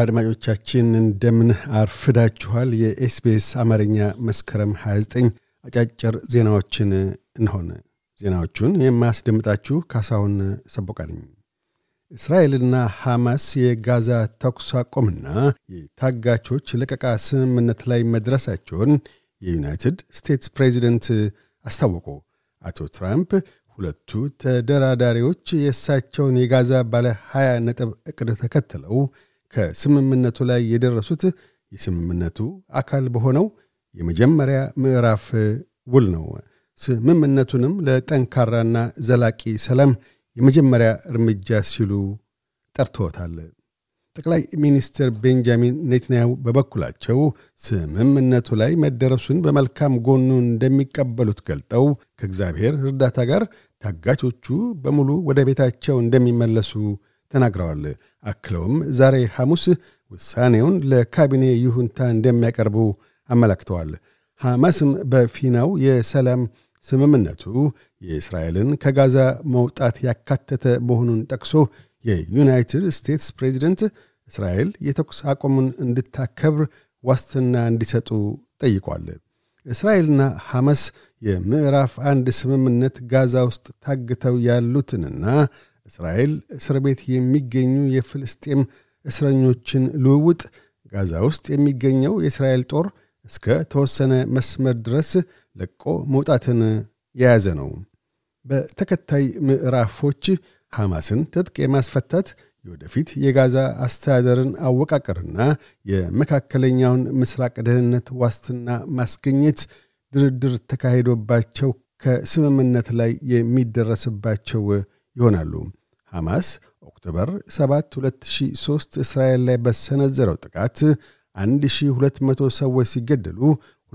አድማጮቻችን እንደምን አርፍዳችኋል። የኤስቢኤስ አማርኛ መስከረም 29 አጫጭር ዜናዎችን እንሆን። ዜናዎቹን የማስደምጣችሁ ካሳሁን ሰቦቃልኝ እስራኤልና ሐማስ የጋዛ ተኩስ አቆምና የታጋቾች ለቀቃ ስምምነት ላይ መድረሳቸውን የዩናይትድ ስቴትስ ፕሬዚደንት አስታወቁ። አቶ ትራምፕ ሁለቱ ተደራዳሪዎች የእሳቸውን የጋዛ ባለ 20 ነጥብ እቅድ ተከትለው ከስምምነቱ ላይ የደረሱት የስምምነቱ አካል በሆነው የመጀመሪያ ምዕራፍ ውል ነው። ስምምነቱንም ለጠንካራና ዘላቂ ሰላም የመጀመሪያ እርምጃ ሲሉ ጠርቶታል ጠቅላይ ሚኒስትር ቤንጃሚን ኔትንያሁ በበኩላቸው ስምምነቱ ላይ መደረሱን በመልካም ጎኑ እንደሚቀበሉት ገልጠው ከእግዚአብሔር እርዳታ ጋር ታጋቾቹ በሙሉ ወደ ቤታቸው እንደሚመለሱ ተናግረዋል። አክለውም ዛሬ ሐሙስ ውሳኔውን ለካቢኔ ይሁንታ እንደሚያቀርቡ አመላክተዋል። ሐማስም በፊናው የሰላም ስምምነቱ የእስራኤልን ከጋዛ መውጣት ያካተተ መሆኑን ጠቅሶ የዩናይትድ ስቴትስ ፕሬዚደንት እስራኤል የተኩስ አቁሙን እንድታከብር ዋስትና እንዲሰጡ ጠይቋል። እስራኤልና ሐማስ የምዕራፍ አንድ ስምምነት ጋዛ ውስጥ ታግተው ያሉትንና እስራኤል እስር ቤት የሚገኙ የፍልስጤም እስረኞችን ልውውጥ፣ ጋዛ ውስጥ የሚገኘው የእስራኤል ጦር እስከ ተወሰነ መስመር ድረስ ለቆ መውጣትን የያዘ ነው። በተከታይ ምዕራፎች ሐማስን ትጥቅ የማስፈታት የወደፊት የጋዛ አስተዳደርን አወቃቀርና የመካከለኛውን ምስራቅ ደህንነት ዋስትና ማስገኘት ድርድር ተካሂዶባቸው ከስምምነት ላይ የሚደረስባቸው ይሆናሉ። ሐማስ ኦክቶበር 7 2003 እስራኤል ላይ በሰነዘረው ጥቃት 1200 ሰዎች ሲገደሉ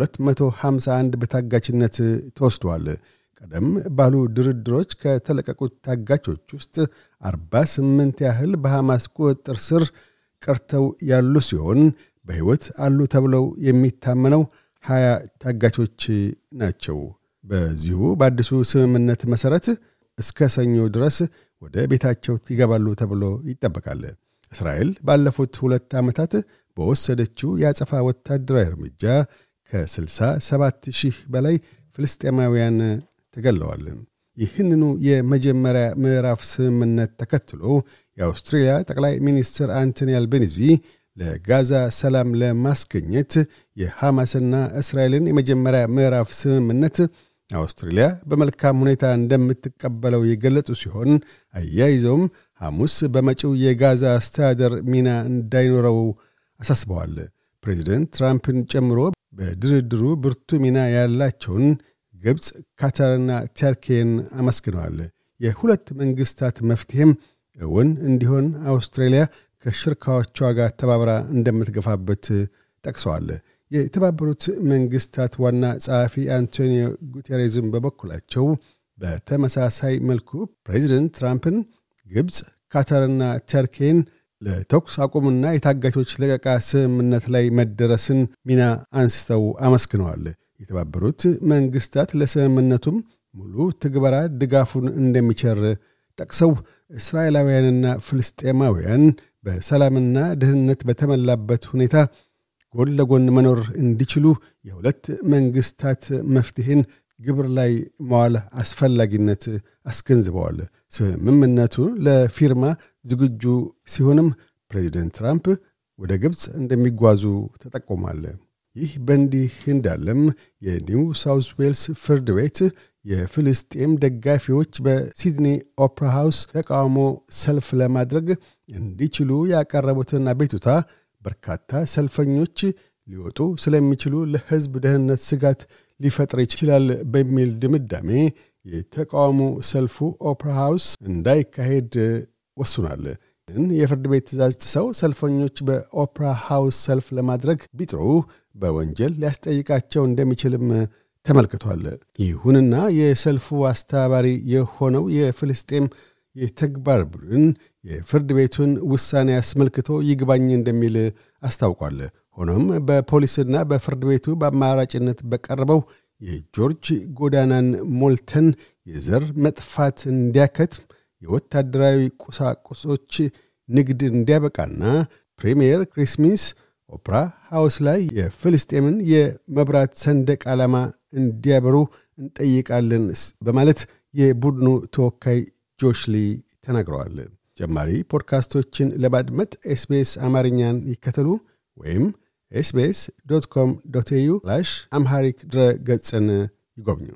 251 በታጋችነት ተወስደዋል። ቀደም ባሉ ድርድሮች ከተለቀቁት ታጋቾች ውስጥ 48 ያህል በሐማስ ቁጥጥር ስር ቀርተው ያሉ ሲሆን በሕይወት አሉ ተብለው የሚታመነው 20 ታጋቾች ናቸው። በዚሁ በአዲሱ ስምምነት መሠረት እስከ ሰኞ ድረስ ወደ ቤታቸው ይገባሉ ተብሎ ይጠበቃል። እስራኤል ባለፉት ሁለት ዓመታት በወሰደችው የአጸፋ ወታደራዊ እርምጃ ከ67 ሺህ በላይ ፍልስጤማውያን ተገለዋል። ይህንኑ የመጀመሪያ ምዕራፍ ስምምነት ተከትሎ የአውስትሬልያ ጠቅላይ ሚኒስትር አንቶኒ አልቤኒዚ ለጋዛ ሰላም ለማስገኘት የሐማስና እስራኤልን የመጀመሪያ ምዕራፍ ስምምነት አውስትሬልያ በመልካም ሁኔታ እንደምትቀበለው የገለጹ ሲሆን አያይዘውም ሐሙስ በመጪው የጋዛ አስተዳደር ሚና እንዳይኖረው አሳስበዋል። ፕሬዚደንት ትራምፕን ጨምሮ በድርድሩ ብርቱ ሚና ያላቸውን ግብፅ፣ ካታርና ቸርኬን አመስግነዋል። የሁለት መንግሥታት መፍትሔም እውን እንዲሆን አውስትሬልያ ከሽርካዎቿ ጋር ተባብራ እንደምትገፋበት ጠቅሰዋል። የተባበሩት መንግስታት ዋና ጸሐፊ አንቶኒዮ ጉቴሬዝም በበኩላቸው በተመሳሳይ መልኩ ፕሬዚደንት ትራምፕን ግብፅ፣ ካተርና ተርኬን ለተኩስ አቁምና የታጋቾች ለቀቃ ስምምነት ላይ መደረስን ሚና አንስተው አመስግነዋል። የተባበሩት መንግስታት ለስምምነቱም ሙሉ ትግበራ ድጋፉን እንደሚቸር ጠቅሰው እስራኤላውያንና ፍልስጤማውያን በሰላምና ደህንነት በተመላበት ሁኔታ ጎን ለጎን መኖር እንዲችሉ የሁለት መንግስታት መፍትሄን ግብር ላይ መዋል አስፈላጊነት አስገንዝበዋል። ስምምነቱ ለፊርማ ዝግጁ ሲሆንም ፕሬዚደንት ትራምፕ ወደ ግብፅ እንደሚጓዙ ተጠቁሟል። ይህ በእንዲህ እንዳለም የኒው ሳውስ ዌልስ ፍርድ ቤት የፍልስጤም ደጋፊዎች በሲድኒ ኦፕራ ሃውስ ተቃውሞ ሰልፍ ለማድረግ እንዲችሉ ያቀረቡትን አቤቱታ በርካታ ሰልፈኞች ሊወጡ ስለሚችሉ ለህዝብ ደህንነት ስጋት ሊፈጥር ይችላል በሚል ድምዳሜ የተቃውሞ ሰልፉ ኦፕራ ሃውስ እንዳይካሄድ ወስኗል። ይህን የፍርድ ቤት ትእዛዝ ጥሰው ሰልፈኞች በኦፕራ ሃውስ ሰልፍ ለማድረግ ቢጥሩ በወንጀል ሊያስጠይቃቸው እንደሚችልም ተመልክቷል። ይሁንና የሰልፉ አስተባባሪ የሆነው የፍልስጤም የተግባር ቡድን የፍርድ ቤቱን ውሳኔ አስመልክቶ ይግባኝ እንደሚል አስታውቋል። ሆኖም በፖሊስና በፍርድ ቤቱ በአማራጭነት በቀረበው የጆርጅ ጎዳናን ሞልተን የዘር መጥፋት እንዲያከት የወታደራዊ ቁሳቁሶች ንግድ እንዲያበቃና ፕሪምየር ክሪስሚስ ኦፕራ ሃውስ ላይ የፍልስጤምን የመብራት ሰንደቅ ዓላማ እንዲያበሩ እንጠይቃለን በማለት የቡድኑ ተወካይ ጆሽሊ ተናግረዋል። ጀማሪ ፖድካስቶችን ለማድመጥ ኤስቤስ አማርኛን ይከተሉ ወይም ኤስቤስ ዶት ኮም ዶት ኤዩ አምሃሪክ ድረ ገጽን ይጎብኙ።